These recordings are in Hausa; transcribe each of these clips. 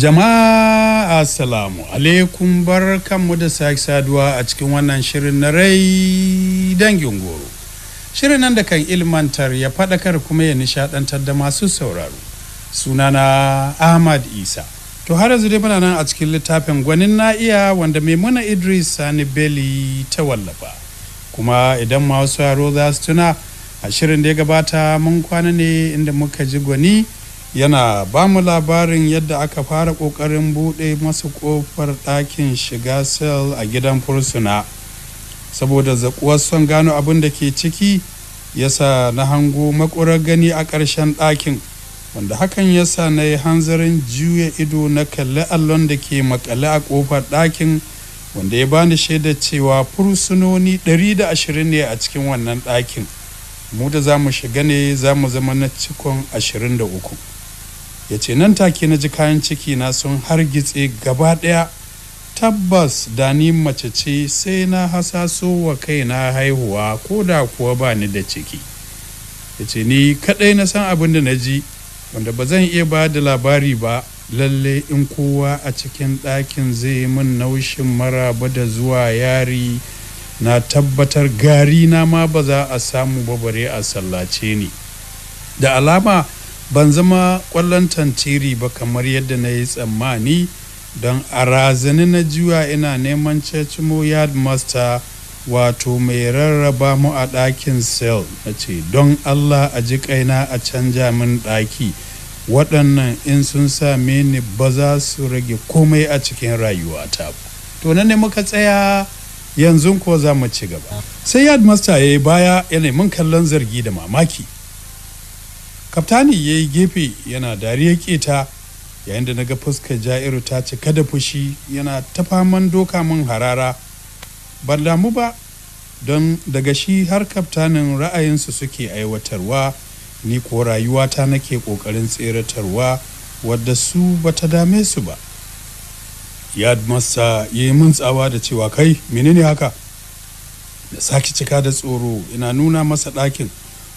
Jama'a Assalamu alaikum bar kanmu da sake saduwa a cikin wannan shirin na rai dangin goro. Shirin nan da kan ilmantar ya faɗakar kuma ya nishaɗantar da masu sauraro. Sunana Ahmad Isa. To har yanzu dai muna nan a cikin littafin gwanin na iya wanda Maimuna Idris Sani beli ta wallafa. Kuma idan masu yaro za su tuna a shirin da ya gabata mun kwana ne inda muka ji gwani yana ba mu labarin yadda aka fara ƙoƙarin buɗe masu ƙofar ɗakin shiga sel a gidan fursuna saboda zaƙuwar son gano abin da ke ciki yasa na hango makurar gani a ƙarshen ɗakin wanda hakan yasa na yi hanzarin juya ido na kalli allon da ke makale a ƙofar ɗakin wanda ya bani shaidar cewa fursunoni 120 ne a cikin wannan ɗakin mu da za mu shiga ne za mu zama na cikon 23 ya ce nan take na ji kayan ciki na sun hargitse gaba ɗaya tabbas da ni mace ce sai na hasaso wa kai na haihuwa ko da kuwa ba ni da ciki ya ce ni kaɗai na san abin da na ji wanda ba zan iya ba da labari ba lalle in kowa a cikin ɗakin zai min naushin maraba da zuwa yari na tabbatar gari na ma ba za a samu babare a sallace ni da alama ban zama ƙwallon tantiri ba kamar yadda na yi tsammani don a razani na juya ina neman cecimo yard master wato mai rarraba mu a ɗakin cell na ce don allah a ji kaina a canja min ɗaki waɗannan in sun same ni ba za su rage komai a cikin rayuwata to na ne muka tsaya yanzu ko za mu ci gaba sai yard master ya yi baya yana mun kallon zargi da mamaki kaftani ya yi gefe yana dariya keta yayin da na ga fuskar ja'iru ta cika da fushi yana ta faman doka mun harara ban damu ba don daga shi har kaftanin ra'ayinsu suke aiwatarwa ni ko rayuwata nake ƙoƙarin tseratarwa wadda su ba ta dame su ba yadmasa ya yi min tsawa da cewa kai menene haka da sake cika da tsoro ina nuna masa ɗakin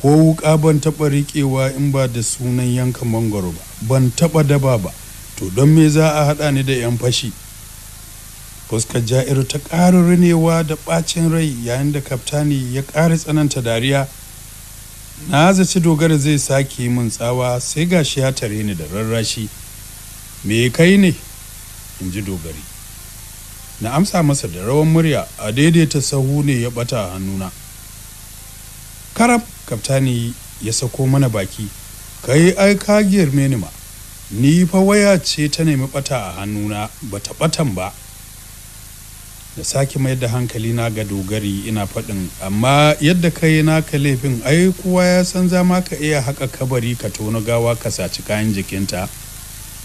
ko wuƙa ban taɓa riƙewa in ba da sunan yanka mangoro ba ban taɓa daba ba to don me za a haɗa ni da 'yan fashi fuskar ja'iru ta ƙara renewa da ɓacin rai yayin da kaftani ya ƙara tsananta dariya na zaci dogara zai sake min tsawa sai gashi ya tare ni da rarrashi me kai ne in ji dogari na amsa masa da rawan murya a daidaita sahu ne ya ɓata a hannuna karab kaftani ya sako mana baki kai ai ka girme ni ma ni fa waya ce ta nemi bata a hannuna bata batan ba da sake mayar da hankali na ga dogari ina faɗin amma yadda kai yi naka laifin ai kowa ya san za ma ka iya haƙa kabari ka tona gawa ka saci kayan jikinta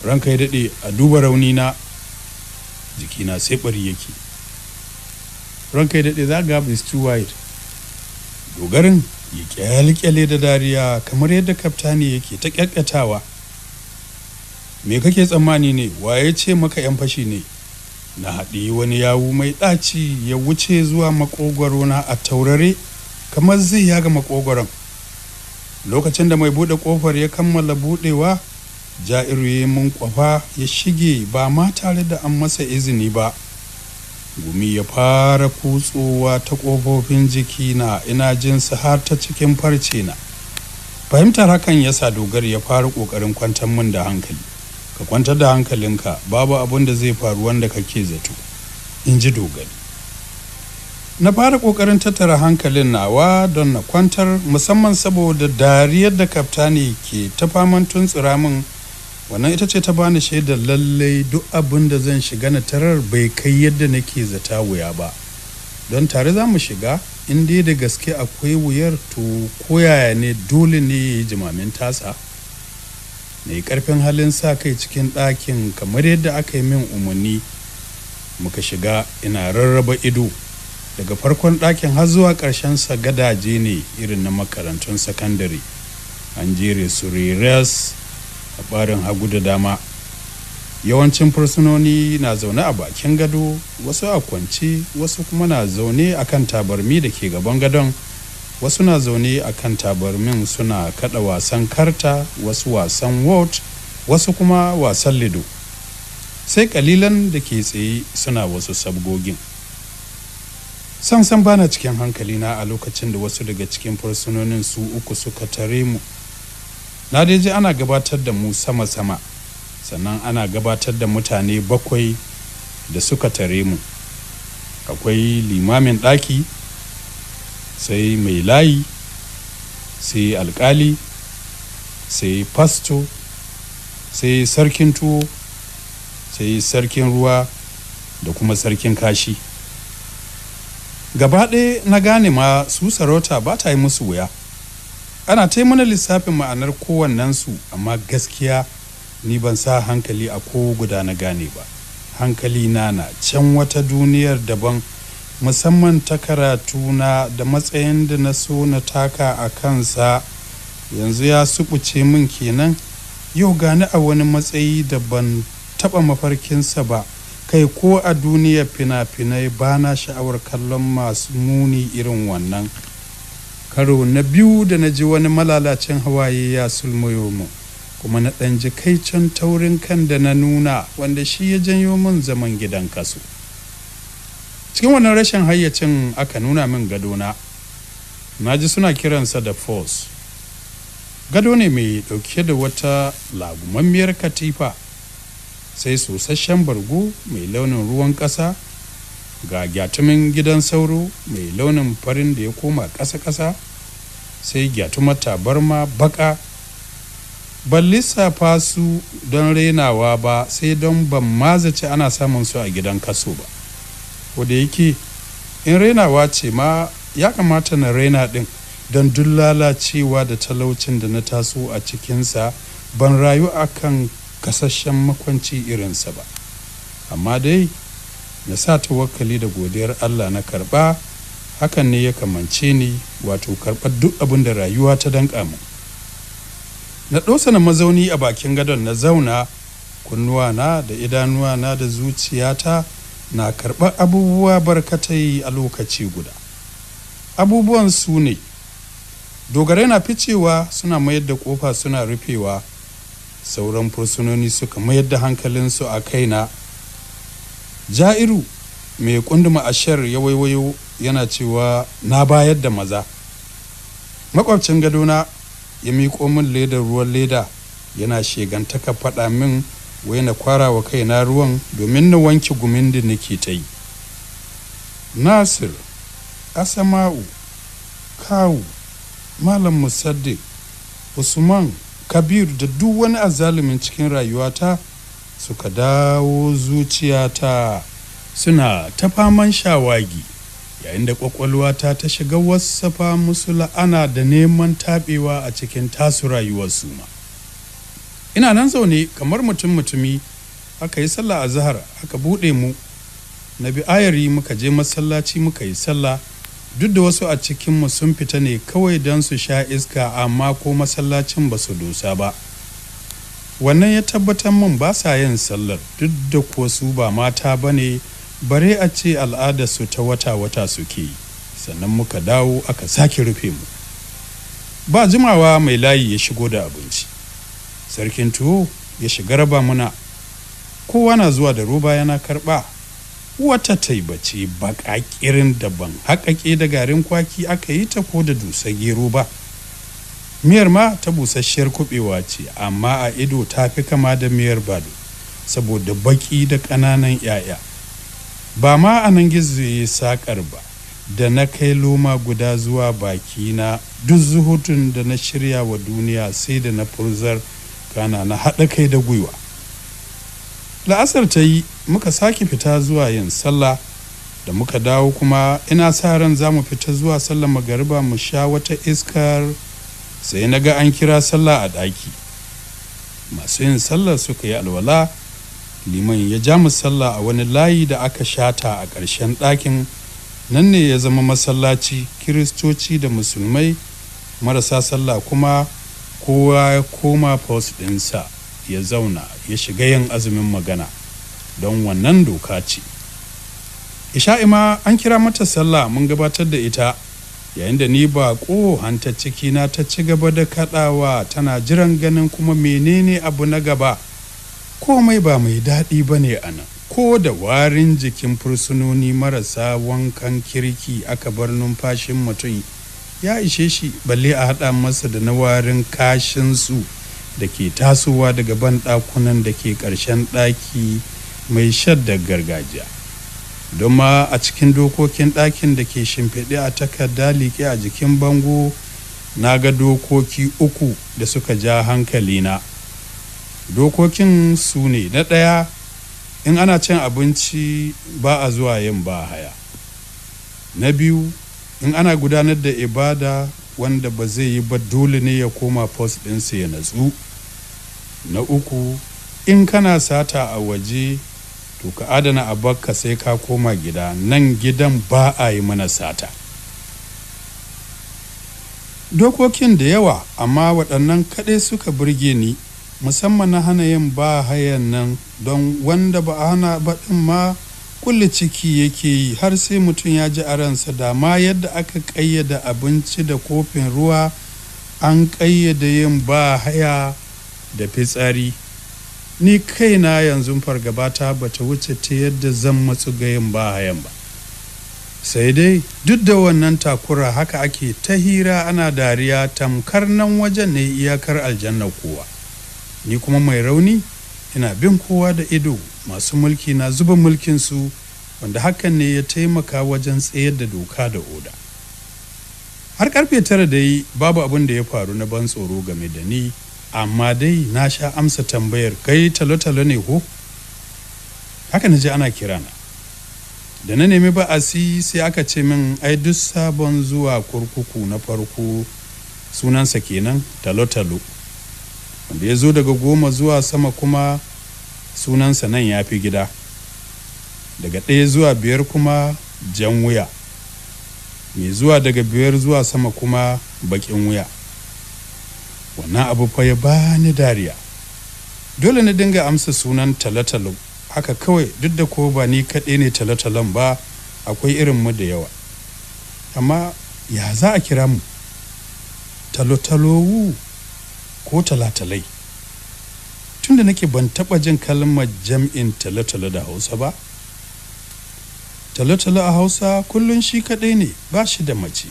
ranka ya daɗe a duba rauni na jikina sai ɓari yake ranka ya daɗe za ga is wide dogarin ya kyalkyale da dariya kamar yadda kaftani yake ta kyakkyatawa. me kake tsammani ne Wa ya ce maka yan fashi ne na haɗi wani yawu mai ɗaci ya wuce zuwa makogwaro na a taurare kamar zai ga makogwaron lokacin da mai buɗe ƙofar ya kammala buɗewa ja'iru ya mun kwafa ya shige ba ma tare da an masa izini ba gumi ya fara kutsowa ta ƙofofin na ina su har ta cikin farce na fahimtar hakan ya sa dogar ya fara ƙoƙarin kwantar min da hankali ka kwantar da hankalinka babu abin da zai faru wanda kake zato in ji dogari na fara ƙoƙarin tattara hankalin nawa don na kwantar musamman saboda dariyar da kaftani ke ta faman tuntsura min wannan ita ce ta bani shaidar lallai duk abin da zan shiga na tarar bai kai yadda nake zata wuya ba don tare za mu shiga in dai da gaske akwai wuyar to koyaya ne dole ne ya yi jimamin tasa na karfin halin sa kai cikin ɗakin kamar yadda aka yi min umarni muka shiga ina rarraba ido daga farkon ɗakin har zuwa sa gadaje ne irin na makarantun sakandare an jere su a ɓarin hagu da dama yawancin fursunoni na zaune a bakin gado wasu a kwance wasu kuma na zaune a kan tabarmi da ke gaban gadon wasu na zaune a kan tabarmin suna kada wasan karta wasu wasan wot wasu kuma wasan lido sai kalilan da ke tsaye suna wasu sabgogin san san bana cikin hankali na a lokacin da wasu daga cikin fursunonin su uku suka tare mu na dai je ana gabatar da mu sama-sama sannan ana gabatar da mutane bakwai da suka tare mu akwai limamin ɗaki sai mai layi sai alkali sai fasto sai sarkin tuwo sai sarkin ruwa da kuma sarkin kashi gaba ɗaya na gane ma su sarauta ba ta yi musu wuya ana ta mana lissafin ma'anar kowannensu amma gaskiya ni ban sa hankali a ko guda na gane ba hankali na na can wata duniyar daban musamman ta karatu na da matsayin da na so na taka a kansa yanzu ya suɓuce min kenan yau gani a wani matsayi da ban taɓa mafarkinsa ba kai ko a duniyar fina-finai ba na sha'awar kallon masu muni irin wannan karo na biyu da na ji wani malalacin hawaye ya sulmayo mu kuma na ɗan ji can taurin kan da na nuna wanda shi ya janyo min zaman gidan kasu cikin wannan rashin hayyacin aka nuna min gadona na ji suna kiransa da force gado ne mai ɗauke da wata lagumammiyar katifa sai sosasshen bargo mai launin ruwan ƙasa ga gyatumin gidan sauro mai launin farin da ya koma ƙasa-ƙasa sai gyatumar tabarma baka ban lissafa su don rainawa ba sai don ban mazace ana samun su a gidan kaso ba da yake in rainawa ce ma ya kamata na raina ɗin don duk lalacewa da talaucin da na taso a cikinsa ban rayu akan kasashen makwanci irinsa ba amma dai na sa tawakkali da godiyar Allah na karɓa hakan ne ya kamance ni wato karɓar duk abin da rayuwa ta danƙa mu na ɗosa na mazauni a bakin gadon na zauna kunnuwana da idanuwana da zuciyata na karɓar abubuwa barkatai a lokaci guda abubuwan su ne dogarai na ficewa suna mayar da ƙofa suna rufewa sauran fursunoni suka mayar da hankalinsu a kaina ja'iru mai kunduma shar ya waiwayo yana cewa na bayar da maza makwabcin gadona ya miƙo min ledar ruwan leda yana shegantaka faɗa min wai na kwara wa kaina ruwan domin na wanke gumin da nake ta yi nasir asama'u kawu malam musaddiq usman kabir da duk wani azalumin cikin rayuwata suka dawo zuciyata suna ta faman shawagi yayin da ƙwaƙwalwata ta shiga wasafa musu la'ana da neman taɓewa a cikin tasu rayuwar su ma ina nan zaune kamar mutum mutumi aka yi sallah a zahar aka buɗe mu na biayari ayari muka je masallaci muka yi sallah duk da wasu a cikinmu sun fita ne kawai don su sha iska amma ko masallacin ba su dosa ba wannan ya tabbatar min ba sa yin sallar duk da kuwa su ba mata ba ne bare a ce su ta wata-wata suke sannan muka dawo aka sake rufe mu ba jimawa mai layi ya shigo da abinci sarkin tuwo ya shiga raba muna kowa na zuwa da roba yana karba wata taibace baƙaƙirin da ban haƙaƙe da garin kwaki aka yi ta ko da dusa gero ba miyar ma ta busasshiyar kubewa ce amma a ido ta fi kama da miyar bado saboda baki da ƙananan 'ya'ya ba ma a nan gizo ya saƙar ba da na kai loma guda zuwa baki na duk zuhutun da na shirya wa duniya sai da na furzar kana na haɗa kai da gwiwa la'asar ta yi muka sake fita zuwa yin sallah da muka dawo kuma ina sa ran za mu fita zuwa sallah magariba mu sha wata iskar sai na ga an kira sallah a ɗaki masu yin sallah suka yi alwala liman ya ja mu sallah a wani layi da aka shata a ƙarshen ɗakin nan ne ya zama masallaci kiristoci da musulmai marasa sallah kuma kowa ya koma post ɗinsa ya zauna ya shiga yin azumin magana don wannan doka ce isha'ima an kira mata sallah mun gabatar da ita yayin da ni ba hanta cikina ta ci gaba da kaɗawa tana jiran ganin kuma menene abu na gaba komai ba mai daɗi ba ne a nan ko da warin jikin fursunoni marasa wankan kirki aka bar numfashin mutum ya ishe shi balle a haɗa masa da na warin kashinsu da ke tasowa daga ban ɗakunan da ke ƙarshen ɗaki mai shaddar gargajiya don ma a cikin dokokin ɗakin da ke shimfiɗe a takarda liƙe a jikin bango na ga dokoki uku da suka ja hankalina dokokin su ne na ɗaya in ana cin abinci ba a zuwa yin ba haya, na biyu in ana gudanar da ibada wanda ba zai yi ba dole ne ya koma post ɗinsa ya natsu na uku in kana sata a waje to ka adana a bakka sai ka koma gida nan gidan ba a yi mana sata dokokin da yawa amma waɗannan kaɗai suka burge ni musamman na hana yin ba hayan nan don wanda ba a hana baɗin ma kulle ciki yake yi har sai mutum ya ji a ransa da ma yadda aka ƙayyada abinci da kofin ruwa an ƙayyada yin ba haya da fitsari ni kaina yanzu fargabata bata wuce ta yadda zan matsu gayin ba hayan ba sai dai duk da wannan takura haka ake ta hira ana dariya tamkar nan wajen ne iyakar aljanna kowa ni kuma mai rauni ina bin kowa da ido masu mulki na zuba mulkin su, wanda hakan ne ya taimaka wajen tsayar da doka da oda har karfe tara da yi babu abin da ya faru na ban tsoro game da ni amma dai na sha amsa tambayar kai talo-talo ne ko haka na ji ana kirana da na nemi si sai aka ce min ai duk sabon zuwa kurkuku na farko sunansa kenan talo-talo wanda ya zo daga goma zuwa sama kuma sunansa nan ya fi gida daga ɗaya zuwa biyar kuma jan wuya mai zuwa daga biyar zuwa sama kuma baƙin wuya wannan abu fa ya bani dariya dole na dinga amsa sunan talatalo haka kawai duk da ko ba ni kaɗai ne talotalon ba akwai irin mu da yawa amma ya za a kira mu talotalowu ko talatalai tunda nake ban taɓa jin kalmar jam'in talatalo da hausa ba talatalo a hausa kullum shi kaɗai ne ba shi da mace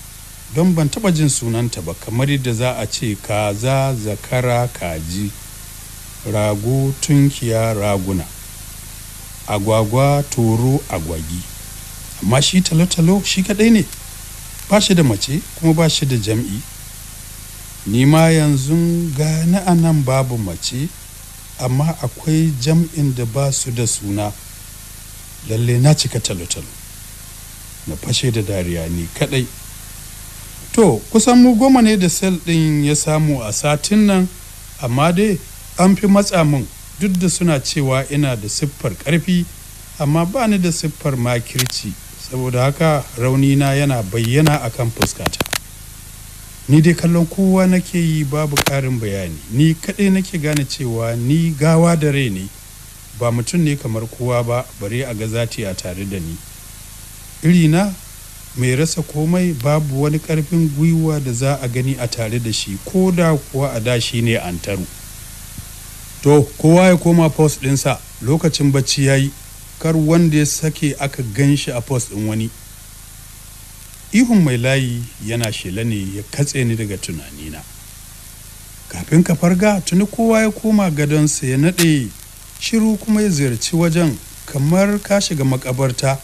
don ban taba jin sunanta ba kamar yadda za a ce kaza zakara kaji rago tunkiya raguna agwagwa toro agwagi amma shi talo-talo shi kadai ne ba shi da mace kuma ba shi da jam'i ni ma yanzu gani a nan babu mace amma akwai jam'in da ba su da suna lalle na cika talo-talo na fashe da dariya ne kadai to kusan mu goma ne da sel ɗin ya samu a satin nan amma dai an fi matsa min duk da suna cewa ina da siffar ƙarfi amma ba ni da siffar makirci saboda haka rauni na yana bayyana a kan fuskata ni dai kallon kowa nake yi babu ƙarin bayani ni kaɗai nake gane cewa ni gawa da rai ne ba mutum ne kamar kowa ba bare a ga zati a tare da ni irina mai rasa komai babu wani karfin gwiwa da za a gani a tare da shi ko da kuwa a da shi ne an taru. to kowa ya koma post ɗinsa lokacin bacci ya yi kar wanda ya sake aka gan shi a post ɗin wani ihun mai layi yana shela ne ya katse ni daga tunanina kafin ka farga tuni kowa ya koma gadonsa ya naɗe shiru kuma ya ziyarci wajen kamar ka shiga makabarta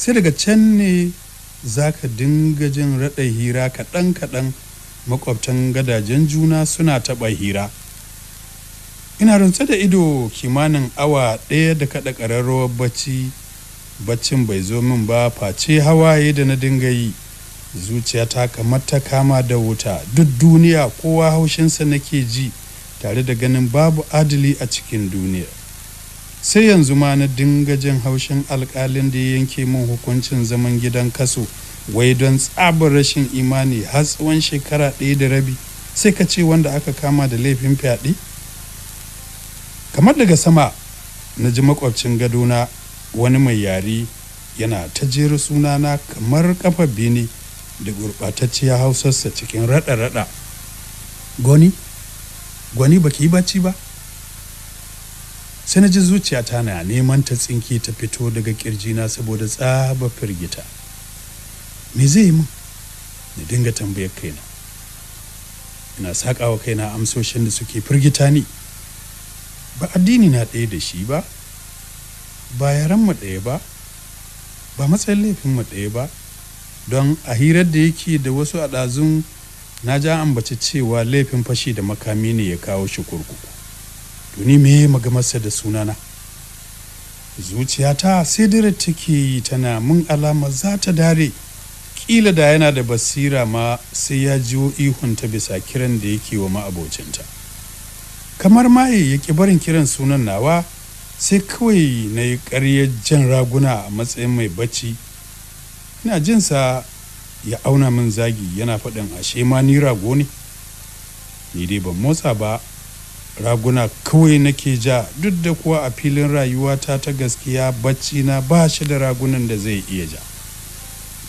sai daga can ne za ka dinga jin raɗa hira kaɗan-kaɗan maƙwabtan gadajen juna suna taɓa hira ina rantsa da ido kimanin awa ɗaya da kaɗa ƙararrawar bacci baccin bai zo min ba face hawaye da na dinga yi zuciyata kamar ta kama da wuta duk duniya kowa haushinsa nake ji tare da ganin babu adali a cikin duniya sai yanzu ma na dinga jin haushin alkalin da ya yanke min hukuncin zaman gidan kaso wai don tsabar rashin imani har tsawon shekara ɗaya da rabi sai ka ce wanda aka kama da laifin fyaɗe kamar daga sama na ji makwabcin gadona wani mai yari yana ta jera sunana kamar kafa bene da gurɓatacciyar hausarsa cikin raɗa-raɗa goni gwani baki yi bacci ba sai na ji zuciyata na neman ta tsinki ta fito daga na saboda tsaba firgita me zai yi min na dinga tambayar kaina ina saƙa wa kaina amsoshin da suke firgita ni ba addini na ɗaya da shi ba ba yaran mu ɗaya ba ba matsayin laifin mu ɗaya ba don a hirar da yake da wasu a ɗazun na ja ambaci cewa laifin fashi da makami ne ya kawo shi kurkuku tuni me magamarsa da sunana zuciyata sai dare take tana mun alama za ta dare kila da yana da basira ma sai ya jiwo ihunta bisa kiran da yake wa ma'abocinta kamar maye ya ki barin kiran sunan nawa sai kawai na yi karyar jan raguna a matsayin mai bacci ina jinsa ya auna min zagi yana faɗin ashe ma ni rago ne ni dai ban motsa ba raguna kawai nake ja duk da kuwa a filin rayuwata ta gaskiya bacci na ba shi da ragunan da zai iya ja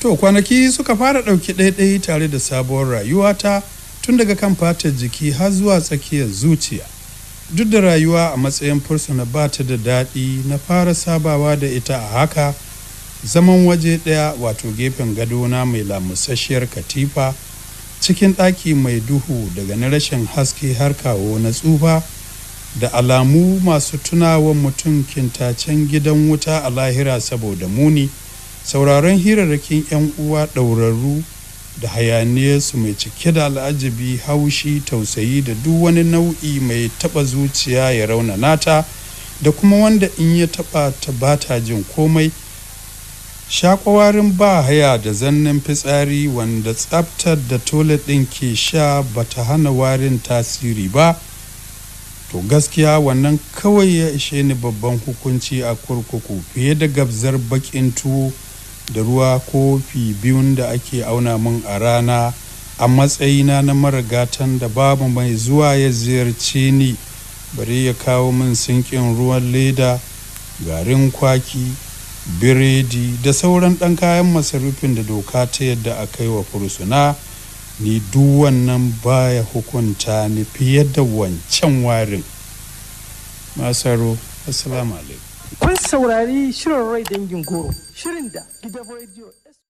to kwanaki suka fara ɗauki ɗaiɗai tare da sabuwar rayuwata tun daga kan fatar jiki har zuwa tsakiyar zuciya duk da rayuwa a matsayin fursuna ba ta da daɗi na fara sabawa da ita a haka zaman waje ɗaya wato gefen gadona mai lamusasshiyar katifa cikin ɗaki mai duhu daga na rashin haske har kawo na tsufa da alamu masu tunawan mutum kintacen gidan wuta a lahira saboda muni sauraron hirarrakin 'yan uwa ɗaurarru da su mai cike da al'ajabi haushi tausayi da duk wani nau'i mai taɓa zuciya ya raunanata da kuma wanda in ya taɓa ta bata jin komai shakwawarin ba haya da zannin fitsari wanda tsabtar da toilet ɗin ke sha ba ta hana warin tasiri ba to gaskiya wannan kawai ya ishe ni babban hukunci a kurkuku fiye da gabzar bakin tuwo da ruwa kofi biyun da ake auna min a rana a matsayina na maragatan da babu mai zuwa ya ziyarci ni bari ya kawo min sinkin ruwan leda garin kwaki biredi da sauran ɗan kayan masarufin da doka ta yadda a kai wa fursuna ni duk wannan baya hukunta ni fiye da wancan warin masaro assalamu alaikum kun saurari shirin rai dangin goro shirin da gidan rediyo